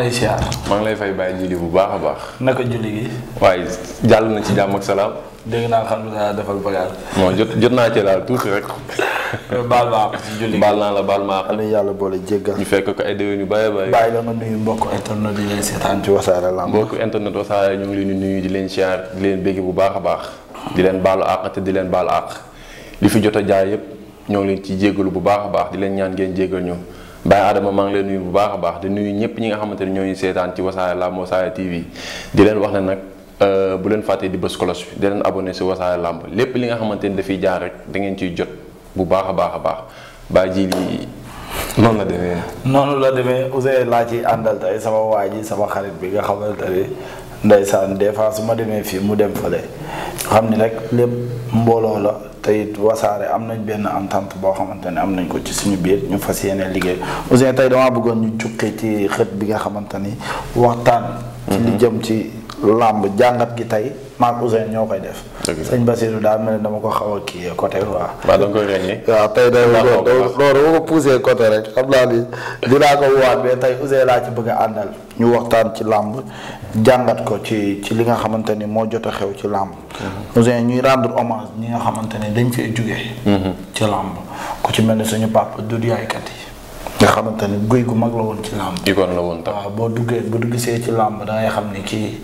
lay maa ngi lay fay bàyyi julli bu baax a baax. naka julli gi. waaye jàll na ci jàmm ak salaam. dégg naa alhamdulilah defal bagaar. bon jot jot naa ci laal tuuti rek. baal maa ko ci julli baal naa la baal maa ko. yàlla boole jéggal. ñu fekk ko ay yu bàyyi bàyyi. bàyyi la nga nuyu mbokk internet yi lay seetaan ci wasaare lamb. mbokk internet wasaare ñu ngi leen di nuyu di leen siyaar leen bégg bu baax a baax. di leen baalu àq te di leen baal àq. li fi jot a jaar yëpp ñoo leen ci jéggalu bu baax a baax di leen ñaan ngeen jéggal ñu Baye Adama maa ngi leen nuyu bu baax a baax di nuyu ñëpp ñi nga xamante ne ñooñu seetaan ci Wassare Lamb Wassare TV di leen wax ne nag euh, bu leen fàttee di bës cloche bi di leen abonné si Wassare Lamb lépp li nga xamante ni dafay jaar rek da ngeen ciy jot bu baax a baax a baax Baye ji lii noonu la demee. noonu la demee Ousseyn laa ci àndal tey sama waa ji sama xarit bi nga xamante ne ndeysaan des fois su ma demee fii mu dem fële xam ni rek lépp mbooloo la te it wasaare am nañ benn entente boo xamante ne am nañ ko ci suñu biir ñu fas yéene liggéey aussi tey damaa bëggoon ñu jukkee ci xët bi nga xamante ni waxtaan. ci li mhm. jëm ci. làmb jàngat gi tey maak Ousseynou ñoo koy def. sëñ Basirou daa mel ne dama ko xaw a kii côté waa. waaw da nga koy ràññee. waaw tey day loolu dama ko poussé côté rek xam naa ni dinaa ko waat mais tey Ousseynou laa ci bëgg a àndal. ñu waxtaan ci làmb jàngat ko ci ci li nga xamante ni moo jot a xew ci làmb. Mhm. Ousseynou ñuy rendre hommage ñi nga xamante ne dañ fee jóge mhm. ci làmb ku ci mel ne suñu papa Doudou Yaay Kati. nga xamante ni guy gu mag la woon ci làmb. icône la woon tam boo duggee bu gisee ci làmb da ngay xam ni kii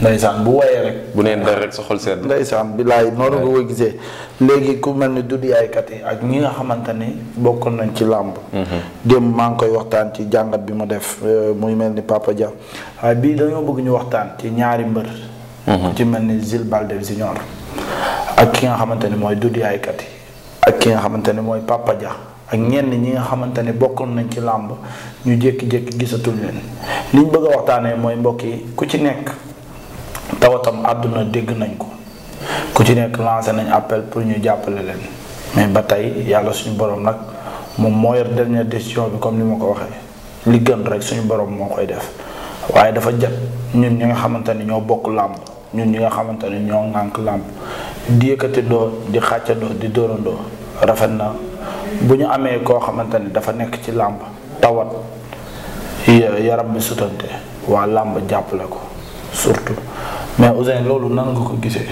ndaysaan bu woyee rek. bu neen dara rek sa xol sedd. ndaysaan bilaay noonu nga ko gisee léegi ku mel ni Doudou Yaye Katy ak ñi nga xamante ni bokkoon nañ ci làmb. Mm-hmm. démb maa ngi koy waxtaan ci jàngat bi ma def euh, muy mel ni Papa ja waaye bii dañoo bëgg ñu waxtaan ci ñaari mbër. Mm-hmm. ci mel ni Zil Balde Junior ak ki nga xamante ni mooy Doudou Yaye ak ki nga xamante ni mooy Papa ja ak ñenn ñi nga xamante ne bokkoon nañ ci làmb ñu jékki-jékki gisatul leen liñ bëgg a waxtaanee mooy mbokk yi ku ci nekk tawatam àdduna dégg nañ ko ku ci nekk lancé nañ appel pour ñu jàppale leen mais ba tey yàlla suñu borom nag moom moo yor dernière décision bi comme ni ma ko waxee li gën rek suñu borom moo koy def waaye dafa jot ñun ñi nga xamante ni ñoo bokk làmb ñun ñi nga xamante ni ñoo ŋànk làmb di yëkkati doo di xàccandoo di dóorandoo rafet na bu ñu amee koo xamante ni dafa nekk ci làmb tawat yaram bi sutante waa làmb jàppale ko surtout mais Ouzin loolu nan nga ko gisee.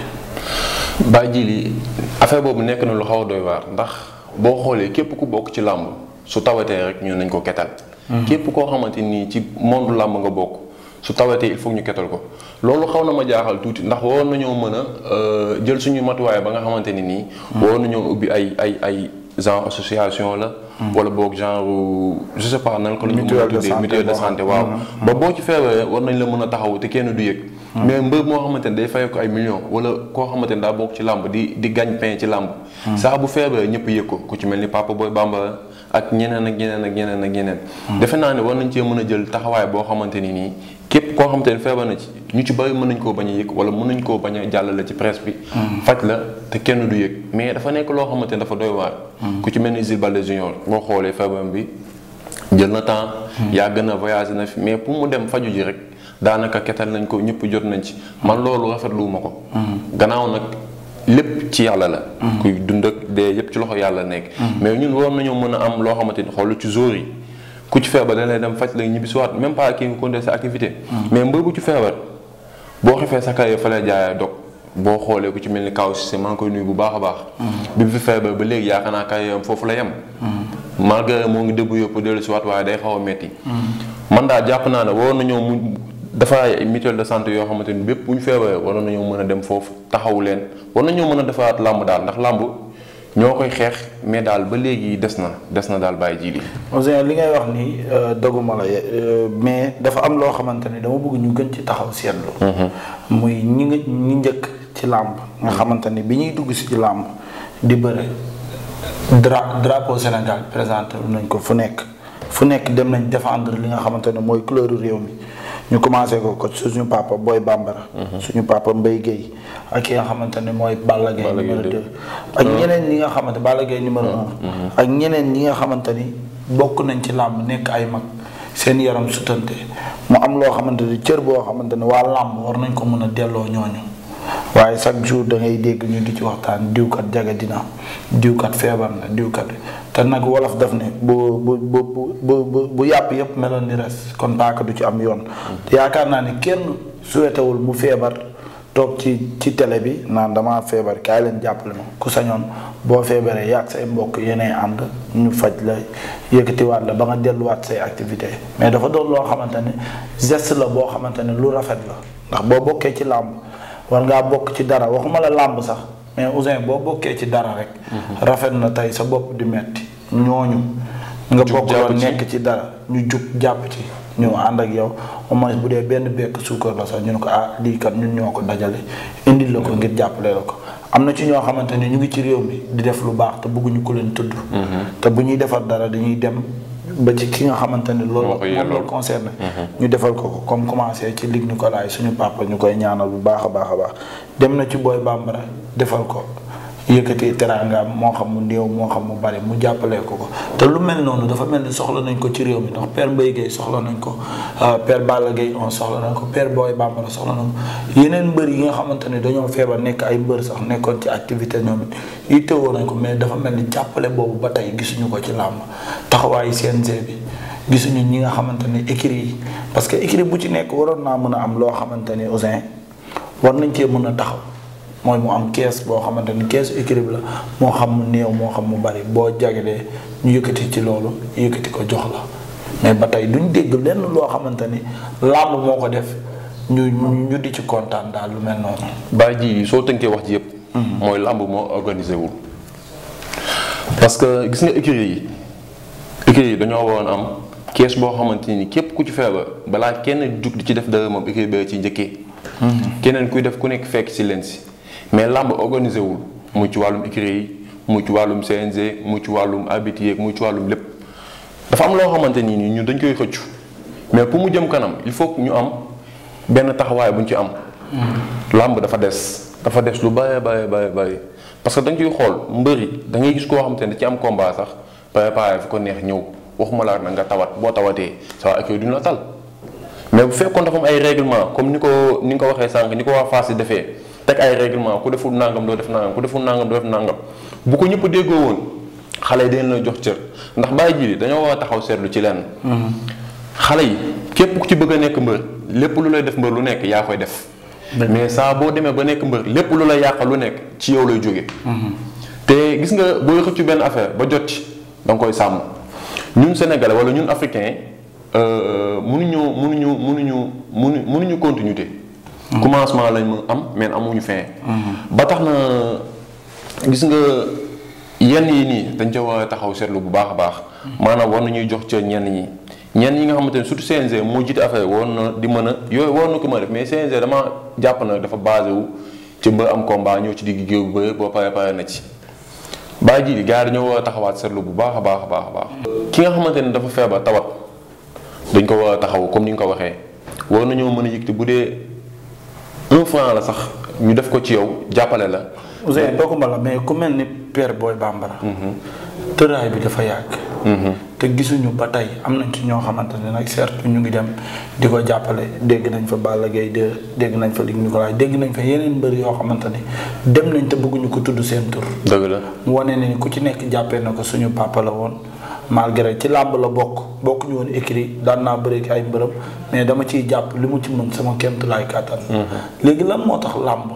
Baye Djili affaire boobu nekk na lu xaw doy waar ndax boo xoolee képp ku bokk ci làmb su tawatee rek ñu nañ ko ketal. Hmm. képp koo xamante nii ci monde làmb nga bokk su tawatee it foog ñu ketal ko loolu xaw na ma jaaxal tuuti ndax waroon nañoo mën a euh, jël suñu matuwaay ba nga xamante ni nii. Hmm. waroon nañoo ubbi ay ay ay. genre association la. Hmm. wala boog genre je sais pas nan ko la ñu mën a tuddee mutuelle de santé waaw. Hmm. ba boo ci feebaree war nañ la mën a taxaw te kenn du yëg. Hmm. mais mbër moo xamante ne day fay ko ay million wala koo xamante ni daa bokk ci làmb di di gagne pain ci làmb. Hmm. saa bu feebaree ñëpp yëg ko ku ci mel ni Papa Boy Bambara ak ñeneen ak ñeneen ak ñeneen ak ñeneen. Hmm. defe naa ne war nañ cee mën a jël taxawaay boo xamante ni nii képp koo xamante ne feebar na ci ñu ci bari mën nañ koo bañ a yëg wala mën nañ koo bañ a jàllale ci presse bi. faj la te kenn du yëg mais dafa nekk loo xamante ne dafa doy waar. ku ci mel ni Jules Baldé Junior boo xoolee feebar bi jël na temps. yaa gën a voyagé na fi mais pour mu dem faju ji rek daanaka ketal nañ ko ñëpp jot nañ ci man loolu rafetluwuma ko gannaaw nag lépp ci yàlla la mm. kuy dund ak dee yépp ci loxo yàlla nekk mm. mais ñun waroon nañoo mën a am loo xamante ni xoolu ci jour yi ku ci feebar dañ lay dem faj la ñibbisiwaat même pas kii nga continuer sa activité mm. mais mbër bu ci feebar boo xefee sa kay fa lay jaaya dog boo xoolee ku ci mel ni kaw si maa ngi koy nuyu bu baax a baax bi mu fi feebar ba léegi yaakaar naa kay foofu la yem moo ngi débrouillé pour dellu si waat waaye xaw a metti dafa ay de santé yoo xamante ni bépp bu ñu feebaree waroon nañoo mën a dem foofu taxawu leen war nañoo mën a defaat làmb daal ndax làmb ñoo koy xeex mais daal ba léegi des na des na daal bàyyi ji li. li ngay wax ni euh, doguma la euh, mais dafa am loo xamante ne dama bëgg ñu gën ci taxaw seetlu. Mhm. muy ñi nga ñi njëkk ci làmb. nga xamante ni bi ñuy dugg si ci làmb di bëri dra drapo Sénégal présenté nañ ko fu nekk fu nekk dem nañ défendre li nga xamante ne mooy couleur réew mi. ñu commencé ko ko suñu papa booy Bambara. Mhm. suñu papa Mbaye Guèye ak ki nga xamante ne mooy Balla Gaye numéro ak mhm. ñeneen ñi nga xamante Balla Gaye numéro 1 mhm. ak ñeneen ñi nga xamante ni bokk nañ ci làmb nekk ay mag seen yaram sutante mu am loo xamante ni cër boo xamante ne waa làmb war nañ ko mun a delloo ñooñu. waaye chaque jour dangay dégg ñu du ci waxtaan diwkat jagadi dina diwkat feebar na diwkat te nag wolof daf ne bu bu bu bu bu yàpp yëpp meloon ni res kon paaka du ci am yoon. Mm. yaakaar naa ne kenn suwetewul bu feebar toog ci ci télé bi naan damaa feebar kaay leen jàppale ma ku sañoon boo feebaree yàgg say mbokk yeneen ànd ñu faj la yëkkatiwaat la ba nga delluwaat say activité mais dafa doon loo xamante ne geste la boo xamante ne lu rafet la ndax boo bokkee ci làmb. war ngaa bokk ci dara waxuma la làmb sax mais Ouzin boo bokkee ci dara rek. Mhm. rafet na tey sa bopp di metti ñooñu. nga bokk loon nekk ci dara ñu jug jàpp ci. ñu ànd ak yow au bu dee benn bekk suukar la sax ñu ne ko ah lii kat ñun ñoo ko dajale indi la ko mhm. ngir jàppale ko am na ci ñoo xamante ne ñu ngi ci réew mi di def lu baax te bëgguñu ko leen tudd. Mhm. te bu ñuy defar dara dañuy dem. ba ci ki nga xamante ni loolu moom loolu concerné mm-hmm. ñu defal ko ko comme commencé ci ko laay suñu papa ñu koy ñaanal bu baax a baax a baax dem na ci Boy Bambara defal ko yëkkatee teraangaam moo xam mu néew moo xam mu bari mu jàppalee ko ko te lu mel noonu dafa mel ni soxla nañ ko ci réew mi ndax père Mbaye Guèye soxla nañ ko euh, père Balla Guèye on soxla nañ ko père Boy Bambara soxla nañ ko yeneen mbër yi nga xamante ne dañoo feebar nekk ay mbër sax nekkoon ci activité ñoom it yittewoo nañ ko mais dafa mel ni jàppale boobu ba tey gisuñu ko ci làmb taxawaayu CNG bi gisuñu ñi nga xamante ne écurie yi parce que écurie bu ci nekk waroon naa mën a am loo xamante ne Ouzin war nañ cee mën a taxaw. mooy mu am kees boo xamante ni keesu équilibre la moo xam mu néew moo xam mu bari boo jagalee ñu yëkkati ci loolu yëkkati ko jox la mais ba tey duñ dégg lenn loo xamante ni làmb moo ko def ñu ñu di ci kontaan daal lu mel noonu. bàyyi ji soo tënkee wax ji yëpp. Hmm. mooy làmb moo organisé wul. parce que gis nga écurie yi écurie yi dañoo waroon am kees boo xamante ni képp ku ci feebar balaa kenn jug di ci def dara moom écurie ba ci njëkkee. Hmm. keneen kuy def ku nekk fekk ci leen si. mais làmb organisé wul mu wàllum écurie yi mu wàllum CNG mu wàllum habitué yeeg wàllum lépp dafa am loo xamante ni nii ñun dañ koy xëccu mais pour mu jëm kanam il faut ñu am benn taxawaay bu ñu ci am. làmb dafa des dafa des lu bëree bëri bëri bëri parce que dañ koy xool mbëri da ngay gis koo xamante ne da ci am combat sax préparé fu ko neex ñëw waxuma laa na nga tawat boo tawatee sa waa écurie duñu la tal mais bu fekkoon dafa am ay règlement comme ni ko ni nga ko waxee sànq ni ko waa Fass defee. teg ay règlement ku deful nangam doo def nangam ku deful nangam doo def nangam bu ko ñëpp déggoo woon xale yi dañ la jox cër ndax bàyyi ji dañoo war a taxaw seetlu ci lenn. Mhm. xale yi képp ku ci bëgg a nekk mbër lépp lu lay def mbër lu nekk yaa koy def. mais saa boo demee ba nekk mbër lépp lu lay yàqal lu nekk ci yow lay jóge mhm. te gis nga booy xëccu benn affaire ba jot ci danga koy sàmm ñun sénégalais wala ñun africain euh, mënuñu mënuñu mënuñu mënuñu mënuñu continuité. commencement lañ mën am mais amuñu fin. Mm-hmm. ba tax na gis nga yenn yi nii dañ ca war taxaw seetlu bu baax a baax. Mm-hmm. maanaam war ñuy jox ca ñenn ñi. ñenn ñi nga xamante ne surtout CNG moo jiite affaire woon na di mën a yooyu war na ko mën a mais CNG dama jàpp na dafa basé wu ci ba am combat ñëw ci digg géew bi ba pare pare na ci. baa ji gars yi dañoo war a taxawaat seetlu bu baax a baax a baax a baax. ki nga xamante ne dafa feebar tawat dañ ko war a taxaw comme ni nga ko waxee war nañoo mën bu dee. un franc la sax ñu def ko ci yow jàppale la. Ousseyn bokkuma la mais ku mel ni Père Boy Bambara. Mhm. tëraay bi dafa yàgg. Mhm. te gisuñu ba tey am nañ ci ñoo xamante ne nag certes ñu ngi dem di ko jàppale dégg nañ fa Balla Gaye 2 dégg nañ fa Luc Nicolaï dégg nañ fa yeneen mbër yoo xamante ne dem nañ te bëgguñu ko tudd seen tur. dëgg la mu wane ne ku ci nekk jàppee na ko suñu papa la woon. malgré ci làmb la bokk bokk ñu woon écrit daan naa bëri ay bërëb mais dama ciy jàpp li mu ci mën sama kéemtu laay kàttan. Mhm. léegi lan moo tax làmb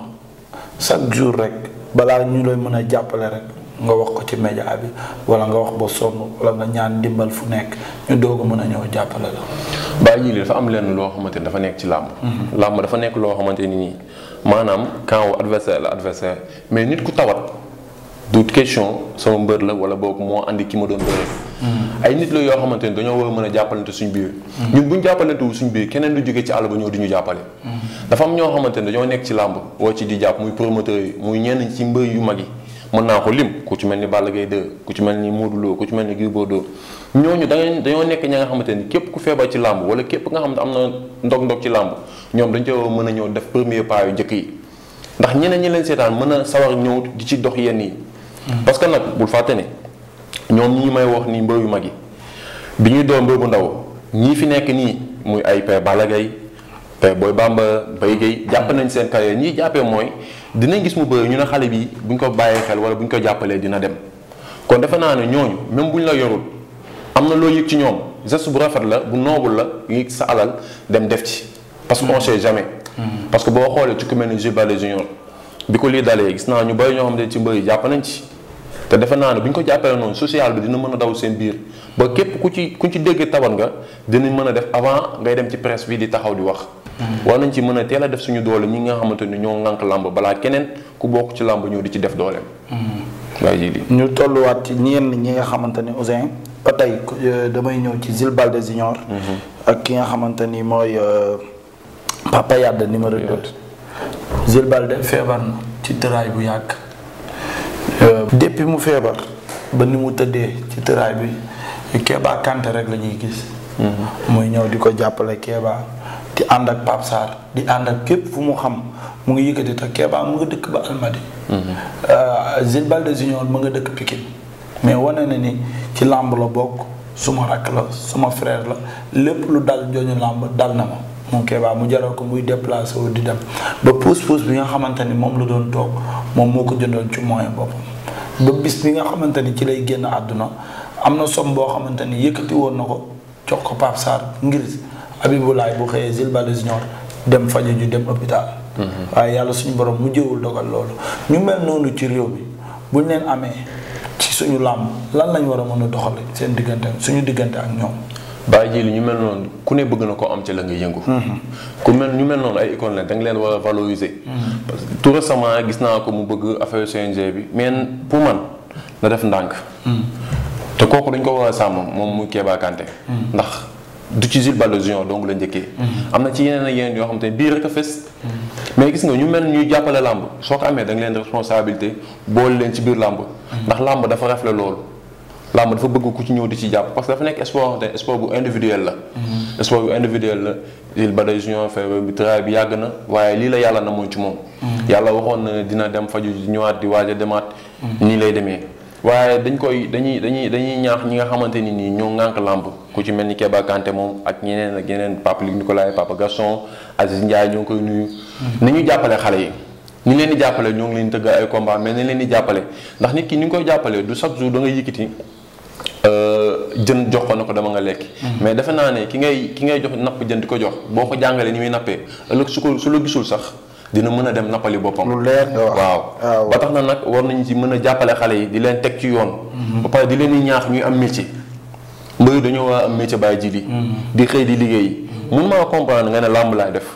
chaque jour rek balaa ñu lay mën a jàppale rek nga wax ko ci média bi wala nga wax ba sonn wala nga ñaan ndimbal fu nekk ñu doog mën a ñëw jàppale la. bàyyi ji li dafa am lenn loo xamante ni dafa nekk ci làmb. Mhm. làmb dafa nekk loo xamante ni nii maanaam camp wu adversaire la adversaire mais nit ku tawat du question sama mbër la wala boog moo andi ki ma doon Mm-hmm. ay nit la yoo xamante ne dañoo war a mën a jàppalante suñ biir mm-hmm. ñun buñ jàppalante wu suñ biir keneen du jóge ci àll ba ñëw di ñu jàppale mm-hmm. dafa am ñoo xamante ne dañoo nekk ci làmb woo ci di jàpp muy promoteur yi muy ñenn ci mbër yu mag yi mën naa ko lim ku ci mel ni Balla Gaye ku ci mel ni Modou ku ci mel ni Gris ñooñu da ngay dañoo nekk ña nga xamante ni képp ku feebar ci làmb wala képp nga xam ne am na ndog-ndog ci làmb ñoom dañ cee mën a ñëw def premier pas jëkk yi ndax ñeneen ñi leen seetaan mën a sawar ñëw di ci dox yenn yi parce que nag bul fàtte ne ñoom ñi may wax ni mbër yu mag yi bi ñuy doon mbër bu ndaw ñii fi nekk nii muy ay Père Balla Gaye booy Boy Bamba Mbaye Guèye jàpp nañ seen carrière ñii jàppee mooy dinañ gis mu bëri ñu ne xale bi bu ñu ko bàyyee xel wala bu ñu ko jàppalee dina dem kon defe naa ne ñooñu même bu ñu la yorul am na loo yëg ci ñoom geste bu rafet la bu noobul la yëg sa alal dem def ci parce qu'on sait jamais parce que boo xoolee ci ku mel ni Jules Baldé Junior bi ko lii dalee gis naa ñu bëri ñoo xam ne ci mbër yi jàpp nañ ci te defe naa ne bu ñu ko jàppale noonu social bi dina mën a daw seen biir ba képp ku ci ku ci dégg tawan nga dinañ mën a def avant ngay dem ci presse bi di taxaw di wax. Hmm. war nañ ci mën a teel def suñu doole ñi nga xamante ni ñoo ŋànk làmb balaa keneen ku bokk ci làmb ñoo di ci def dooleem. Hmm. waaw ji di ñu tolluwaat ci ñenn ñi nga xamante ni Ouzin ba tey euh, damay ñëw ci Zil Balde Junior hmm. ak ki nga xamante ni mooy euh, Papa Yade numéro 2. Zil Balde feebar na ci tëraay bu yàgg. depuis mu feebar ba ni mu tëddee ci tëraay bi Kéba Kanté rek la ñuy gis. Mm-hmm. muy ñëw di ko jàppale Kéba di ànd ak Pape Sarr di ànd ak képp fu mu xam mu ngi yëkkati te Kéba mu nga dëkk ba Almadi. Zil mm-hmm. euh, Balde Junior mu nga dëkk Pikine mais wane na ni ci làmb la bokk suma rakk la suma frère la lépp lu dal jooñu làmb dal na ma. mu jaral ko muy déplacé wu di dem ba pousse pousse bi nga xamante ni moom la doon toog moom moo ko jëndoon ci moyen boppam. ba bis bi nga xamante ni ci lay génn àdduna am na som boo xamante ni yëkkati woon na ko jox ko Pape Sarr ngir Abibulaay bu xëyee Zilbale Junior dem faju ju dem hôpital mhm. waaye yàlla suñu borom mu jëwul dogal loolu ñu mel noonu ci réew bi buñ leen amee ci suñu làmb lan lañ war a mën a doxale seen diggante suñu diggante ak ñoom bàyyi ji li ñu mel noonu ku ne bëgg na ko am ci la nga yëngu. Mhm. ku mel ñu mel noonu ay icône lañ da nga leen war a valoriser. Mhm. parce tout récemment gis naa ko mu bëgg affaire CNG bi mais pour man na def ndànk. Mhm. te kooku dañ ko war a sàmm moom mu Keba ndax du ci Jules Baldé Junior la njëkkee. am na ci yeneen ak yeneen yoo xam te ne bii rek a fës. mais gis nga ñu mel ñuy jàppale làmb soo ko amee da leen responsabilité boole leen ci biir làmb. ndax làmb dafa rafle loolu. làmb dafa bëgg ku ci ñëw di ci jàpp parce que dafa nekk sport te bu individuel la. sport bu individuel la il ba day junior feebar bi travail bi yàgg na waaye lii la yàlla namoon ci moom. Mhm. yàlla waxoon na dina dem faju ñëwaat di waaj demaat. Mhm. nii lay demee waaye dañ koy dañuy dañuy dañuy ñaax ñi nga xamante ni nii ñoo ŋànk làmb ku ci mel ni Keba Kanté moom ak ñeneen ak yeneen Papa Luc Nicolaï Papa Gaston Aziz Ndiaye ñoo ngi koy nuyu. Mhm. nañu jàppale xale yi. ñu leen di jàppale ñoo ngi leen leen di jàppale ndax nit ki ni koy jàppale du chaque jour da nga yëkkati Euh, jën jox ko na ko dama nga lekk mhm. mais defe naa ne ki ngay ki ngay jox napp jën di ko jox boo ko jàngalee ni muy nappee ëllëg su ko su la gisul sax dina mën a dem nappali boppam waaw ah, ba tax na nag war nañu ci mën a jàppale xale yi di leen teg ci yoon mhm. ba pare di leen di ñaax ñuy am métier mbëri dañoo war a am métier bàyyi ji li mhm. di xëy di liggéey mun maa comprendre nga ne làmb laay def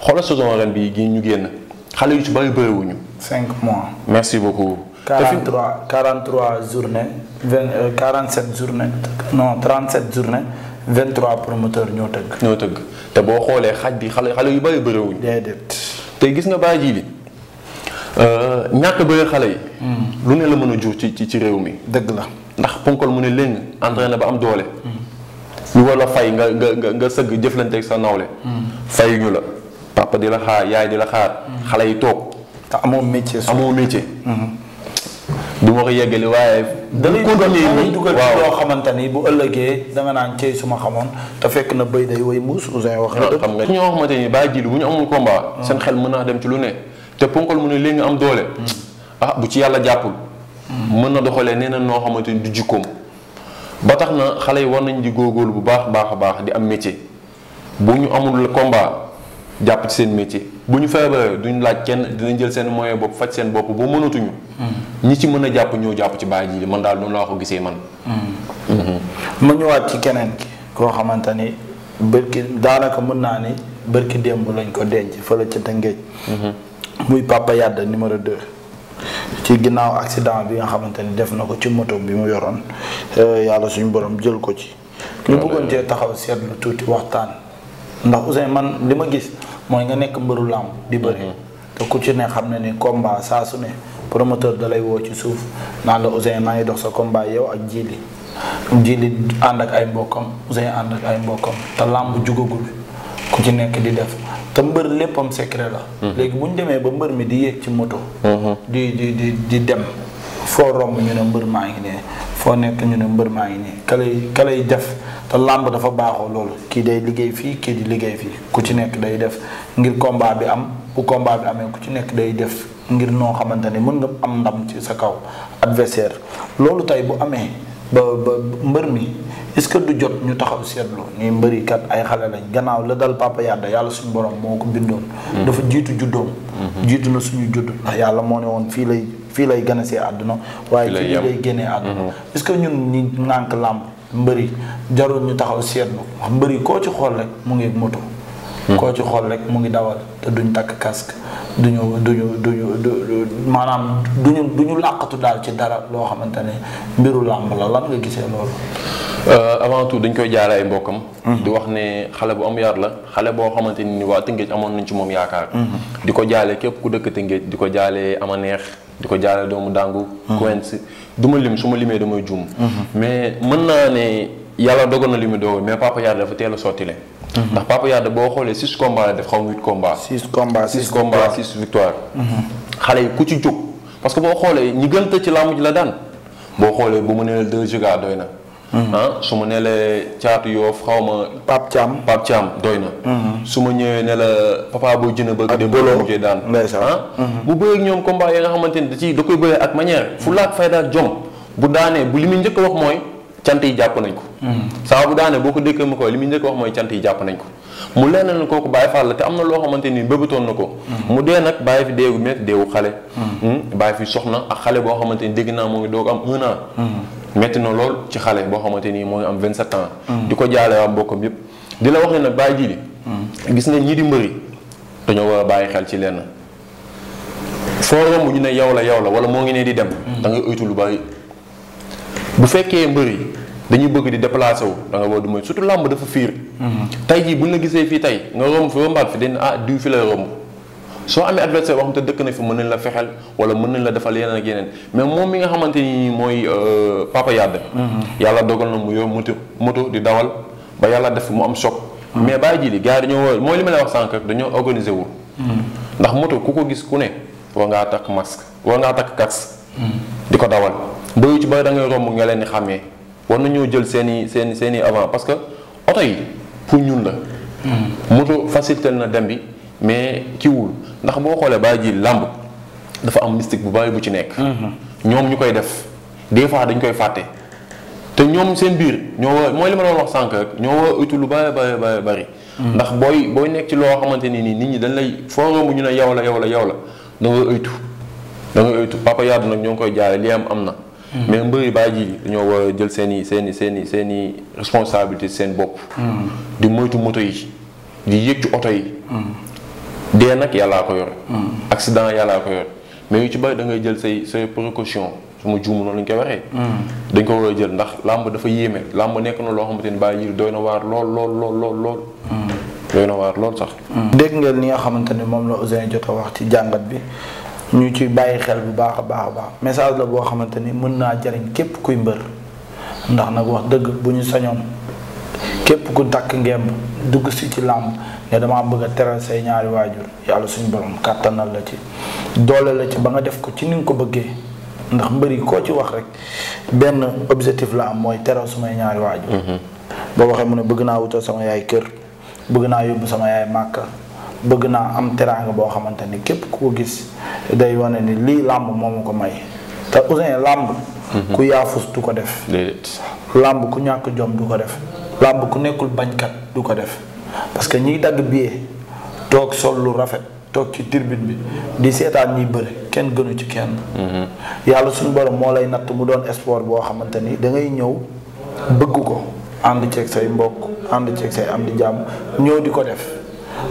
xoolal saison ren bi ñu génn xale yu ci bari bëriwuñu 43 43 journées 20 47 euh, journées non 37 journées 23 promoteurs ñoo tëgg. ñoo tëgg te boo xoolee xaj bi xale xale yu bëri bëriwuñ. déedéet. te gis nga baa ji bi euh, ñàkk bëri xale yi. Hmm. lu ne la mën a jur ci ci réew mi. dëgg la ndax ponkal mu ne léng entraîné ba am doole. Hmm. ñu war fay nga nga nga sëgg jëflante sa nawle. Hmm. fayuñu la papa di la xaar yaay di la xaar. xale yi toog. te amoo métier amoo métier. du ma ko yeggalee waaye. dañuy dugal dañuy loo xamante ni bu ëllëgee danga naan cey su ma xamoon te fekk na béy day way muus Ouzin wax. nga xam nga ñoo xamante ni bàyyi jiitu bu ñu amul combat. seen xel mën naa dem ci lu ne. te ponkal mu ne léegi nga am doole. Hmm. ah bu ci yàlla jàppul. Hmm. mën na doxalee nee na noo xamante ni du jikkoom. ba tax na xale yi war nañ di góorgóorlu bu baax baax a baax di am métier bu ñu amul combat. jàpp ci seen métier bu ñu feebaree duñ laaj kenn dinañ jël seen moyen bopp faj seen bopp bu mënatuñu. Mm-hmm. ñi ci mën a jàpp ñoo jàpp ci bàyyi ji man daal noonu ma ko gisee man. Mm-hmm. Mm-hmm. ma ñëwaat ci keneen ki koo xamante ni bërki daanaka mën naa ni bërki démb lañ ko denc fële ca Tëngéej. muy Papa Yade numéro 2. ci ginnaaw accident bi nga xamante ni def na ko ci moto bi mu yoroon euh, yàlla suñu boroom jël ko ci. ñu bëggoon taxaw seetlu tuuti waxtaan ndax Ousseyn man li ma gis. mooy nga nekk mbëru làmb di bëri mhm. te ku ci ne xam na ni combat saa su ne promoteur da lay woo ci suuf naan la Ouzin maa ngi dox sa combat yow ak Djily Djily ànd ak ay mbokkam Ouzin ànd ak ay mbokkam te làmb jugagul ku ci nekk di def te mbër léppam secret la mhm. léegi bu ñu demee ba mbër mi di yéeg ci moto mhm. di di di di dem foo romb ñu ne mbër maa ngi ne foo nekk ñu ne mbër maa ngi nii ka lay ka yi def te làmb dafa baaxoo loolu kii day liggéey fii kii di liggéey fii ku ci nekk day def ngir combat bi am bu combat bi amee ku ci nekk day def ngir noo xamante ni mën nga am ndam ci sa kaw adversaire loolu tey bu amee ba ba mbër mi est-ce que du jot ñu taxaw seetlu ni mbëri kat ay xale lañ gannaaw la dal papa yàdda yàlla suñu borom moo ko bindoon. Hmm. dafa jiitu juddoom. Hmm. jiitu na suñu judd yàlla moo ne woon fii lay. fii lay gën a see àdduna waaye ci fii lay génnee àdduna mm-hmm. est-ce que ñun ñi nànk làmb mbëri jarul ñu taxaw seet seetlu mbëri koo ci xool rek mu ngi moto Hmm. koo ci xool rek mu ngi dawal te duñ takk casque duñu duñu duñu du maanaam duñu duñu làqatu daal ci dara loo xamante ne mbiru làmb la lan nga gisee loolu. Euh, avant tout dañ koy jaale ay mbokkam. Hmm. di wax ne xale bu am yar la xale boo xamante ni waa Tëngéej amoon nañ ci moom yaakaar. Hmm. di ko jaalee képp ku dëkk Tëngéej di ko jaale ama neex di ko jaale doomu dàngu. Coense du ma lim su ma limee damay juum. mais mën naa ne. yàlla dogal na li mu dogal mais Papa Yade dafa teel a sottile mhm. ndax Papa Yade boo xoolee six combats la def huit combats. six combats six mhm. xale yi ku ci jóg parce que boo xoolee ñi gën tëj ci làmb ji la daan boo xoolee bu mu nee deux giga na. Mhm. ah ma nee la caatu yoof xaw ma. Pape Thiam Pape Thiam doy na. su ma ñëwee ne la papa boo jënd bëgg. ak bolo mujjee daan ah. bu bëree ak ñoom combat yi nga xamante ni da ciy da koy bëree ak manière. fu laak fayda jom bu daanee bu li muy njëkk wax mooy. cant yi jàpp nañ ko. Hmm. saa bu daane boo ko dékkee ma ko li muy njëkk wax mooy cant yi jàpp nañ ko mu leen na kooku bàyyi faal la te am na loo xamante ni bëggatoon na ko. Hmm. mu dee nag bàyyi fi deewu métti deewu xale. Hmm. bàyyi fi soxna ak xale boo xamante ni dégg naa moo ngi am un an. métti lool ci xale boo xamante ni moo ngi am 27 ans. di ko jaale waa mbokkam yëpp di la wax ne nag bàyyi ji bi. gis nañ ñi di mbëri dañoo war a bàyyi xel ci lenn foo romb ñu ne yow la yow la wala moo ngi ne di dem. da ngay lu bari. bu fekkee mbër yi dañu bëgg di déplacé wu da nga war du moy surtout làmb dafa fiir mhm. tey jii buñ la gisee fii tey nga romb fi rombaat fi dañ ah fi lay romb soo amee adversaire boo xam te dëkk na fi mën nañ la fexel wala mën nañ la defal yeneen ak yeneen mais moom mi nga xamante ni mooy euh, Papa Yade mhm. yàlla dogal na mu yor moto di dawal ba yàlla def mu am choc mais bàyyi ji li gars yi dañoo war mooy li ma lay wax sànq dañoo organiser wu mhm. ndax moto ku ko gis ku ne war ngaa takk masque war ngaa takk casque di ko dawal mbéyu ci bëri da ngay romb nga leen di xàmmee war nañoo jël seeni i seen seen i avant parce que oto yi pour ñun la. Hmm. moto facilité na dem bi mais kiwul ndax boo xoolee bàyyi ji làmb dafa am mystique bu bari bu ci nekk. Hmm. ñoom ñu koy def des fois dañ koy fàtte. te ñoom seen biir ñoo war mooy li ma doon wax sànq rek ñoo war a uti lu bari bari bari. Hmm. ndax booy booy nekk ci loo xamante ni nii nit ñi dañ lay foo romb ñu ne yow la yow la yow la da nga ëytu da nga ëytu papa nag ñoo ngi koy jaay li am am na. mais mbëri baaj yi dañoo war a jël seeni seeni seeni seeni seen i seen bopp. di moytu moto yi di yëg ci oto yi. dee nag yàllaa ko yore. accident yàllaa ko yore mais yu ci bëri da ngay jël say say précaution su ma juum noonu lañ koy waxee. dañ ko war a jël ndax làmb dafa yéeme làmb nekk na loo xamante ni baaj yi doy na waar lool lool lool lool lool. Mm. doy na waar lool sax. Mm. dégg ngeen li nga xamante ni moom la Ousin jot a wax ci jàngat bi. ñu ci bàyyi xel bu baax a baax a baax message la boo xamante ni mën naa jariñ képp kuy mbër ndax nag wax dëgg bu ñu sañoon képp ku takk ngemb dugg si ci làmb ne damaa bëgg a teral say ñaari waajur yàlla suñu borom kàttanal la ci doole la ci ba nga def ko ci ni nga ko bëggee ndax mbëri koo ci wax rek benn objectif la am mooy teral sumay ñaari waajur mm-hmm. boo waxee mu ne bëgg naa wutal sama yaay kër bëgg naa yóbbu sama yaay màkka bëgg naa am teraanga boo xamante ni képp ku ko gis day wane ni lii làmb moomu ko may te Ouzin làmb mhm. ku yaafus du ko def làmb ku ñàkk jom du ko def làmb ku nekkul bañkat du ko def parce que ñiy dagg billet toog sol lu rafet toog ci tribune bi di seetaan ñiy bëri kenn gënu ci kenn mhm. yàlla suñu borom moo lay natt mu doon sport boo xamante ni da ngay ñëw bëgg ko ànd ceeg say mbokk ànd ceeg say am di jàmm ñëw di ko def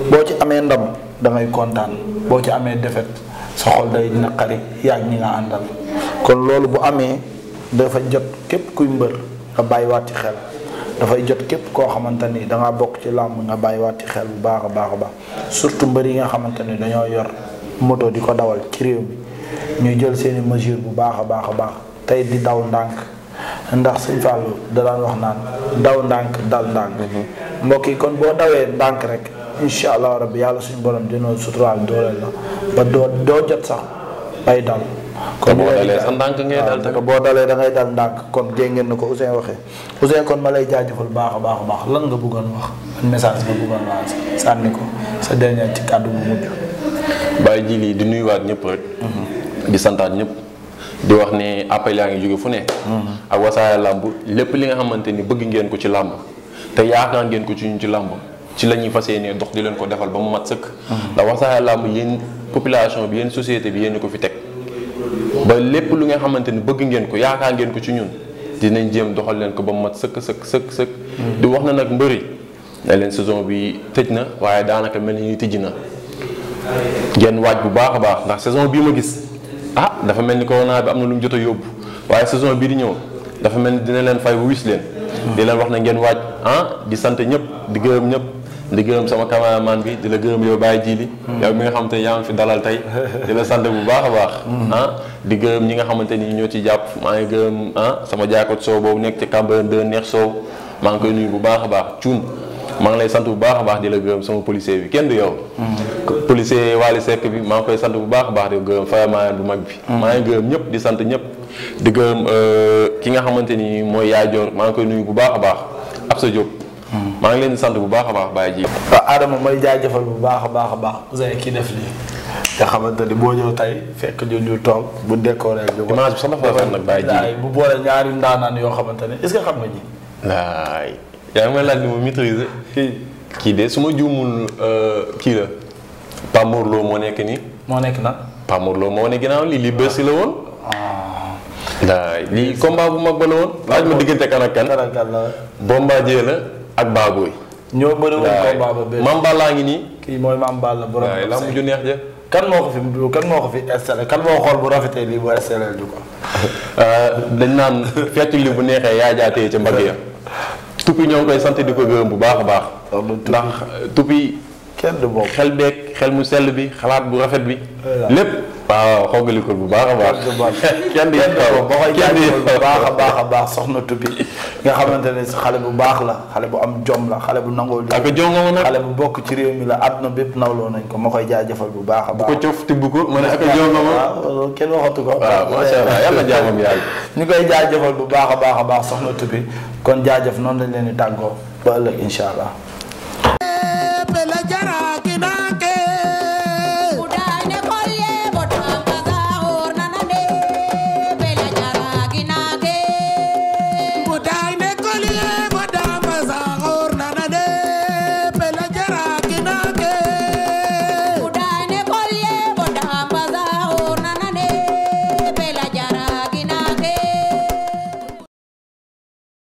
boo ci amee ndam da ngay kontaan boo ci amee defet sa xol day naqari yaag ñi nga àndal kon loolu bu amee dafa jot képp kuy mbër bàyyiwaat ci xel dafay jot képp koo xamante ni danga bokk ci làmb nga bàyyiwaat ci xel bu baax a baax baax surtout mbër yi nga xamante ni dañoo yor moto di ko dawal ci réew mi ñuy jël seeni mesure bu baax a baax a baax tey di daw ndànk ndax suñ fàllu da daan wax naan daw ndànk dal ndànk mm-hmm. mbokk yi kon boo dawee ndànk rek incha allah rabbi yàlla suñu borom dina suturaal dooleel la ba doo doo jot sax bay dal. comme boo dalee sa ndànk ngay dal te da ngay dal ndànk kon dégg ngeen ko Ousseyn waxee Ousseyn kon ma lay jaajëfal baax a baax a baax lan nga bëggoon wax ban message nga bëggoon lancer sànni ko sa dernier ci kàddu bu mujj. bàyyi ji lii di nuyuwaat ñëpp rek. Mhm. di santaat ñëpp. di wax ni appel yaa ngi jóge fu ne. Mhm. ak wasaare làmb lépp li nga xamante ni bëgg ngeen ko ci làmb te yaakaar ngeen ko ci ñu ci ci la ñuy fas yéenee dox di leen ko defal ba mu mat sëkk. Mhm. ndax Wassare Lamb yéen population bi yéen société bi yéen ko fi teg ba lépp lu nga xamante ni bëgg ngeen ko yaakaar ngeen ko ci ñun dinañ jëm doxal leen ko ba mu mat sëkk sëkk sëkk sëkk. Mhm. di wax na nag mbëri ne leen saison bi tëj na waaye daanaka mel ni tijji na ngeen waaj bu baax a baax ndax saison bii ma gis ah dafa mel ni corona bi am na lu mu jot a yóbbu waaye saison bii di ñëw dafa mel ni dina leen fay wis leen. Mhm. di wax na ngeen waaj ah di sant ñëpp di ñëpp. di gërëm sama cameraman bi di la gërëm yow jii Djili hmm. yow mi nga xamante ni yaa ngi fi tey di la sant bu baax a baax hmm. ah di gërëm ñi nga xamante ni ñoo ci jàpp maa ngi gërëm ah sama jaakot soow boobu nekk ci Cambérène de neex soow maa ngi koy nuyu bu baax a baax cuun maa ngi lay sant bu baax a baax di la gërëm sama policier bi kenn di yow hmm. policier Waly Seck bi maa ngi koy sant bu baax a baax di gërëm vraiment bu mag bi maa ngi gërëm ñëpp di sant ñëpp di gërëm euh, ki nga xamante ni mooy yaajoor joor maa ngi koy nuyu bu baax a baax ab sa maa ngi leen di sant bu baax a baax Baye ji. waaw may jaajëfal bu baax a baax a baax Ouzin ki def lii nga xamante ni boo ñëw tey fekk ñu ñu toog bu décoré bi. image bi sax dafa rafet nag Baye ji bu boole ñaari ndaanaan yoo xamante ne est-ce que xam nga ji. waay yaa ngi may laaj ni kii de su ma euh, kii la moo nekk nii. moo nekk nag. Pamor Lo moo ne ginnaaw lii li bés la ah. ba la ma diggante kan ak kan. kan ak kan la. la. ak Baboy. ñoo bëri woon combat ba benn ngi nii. kii mooy Mame Balla borom. waaye la mujj neex ja kan moo ko fi kan moo ko fi installé kan moo xool bu rafetee lii bu installé ju ko. Euh, dañ naan fecc li bu neexee yaa jaatee ca mbagg ya. Tupi ñoo koy sant di ko gërëm bu baax a baax. ndax Tupi. kenn du bokk xel beeg xel mu sell bi xalaat bu rafet bi lépp. waaw xogalikul bu baax a baax. kenn di ko kenn di ko baax a baax a baax soxna Tupi nga xamante ne xale bu baax la xale bu am jom la xale bu nangoo li. ak jom nga xale bu bokk ci réew mi la na bépp nawloo nañ ko ma koy jaajëfal bu baax a bu ko cëf tibb ko ma ne ak jom nga ma kenn waxatu ko. waaw macha allah yàlla jaamam yàlla. ñu koy jaajëfal bu baax a baax a baax soxna Tupi kon jaajëf noonu lañ leen di tàggoo ba ëllëg incha allah.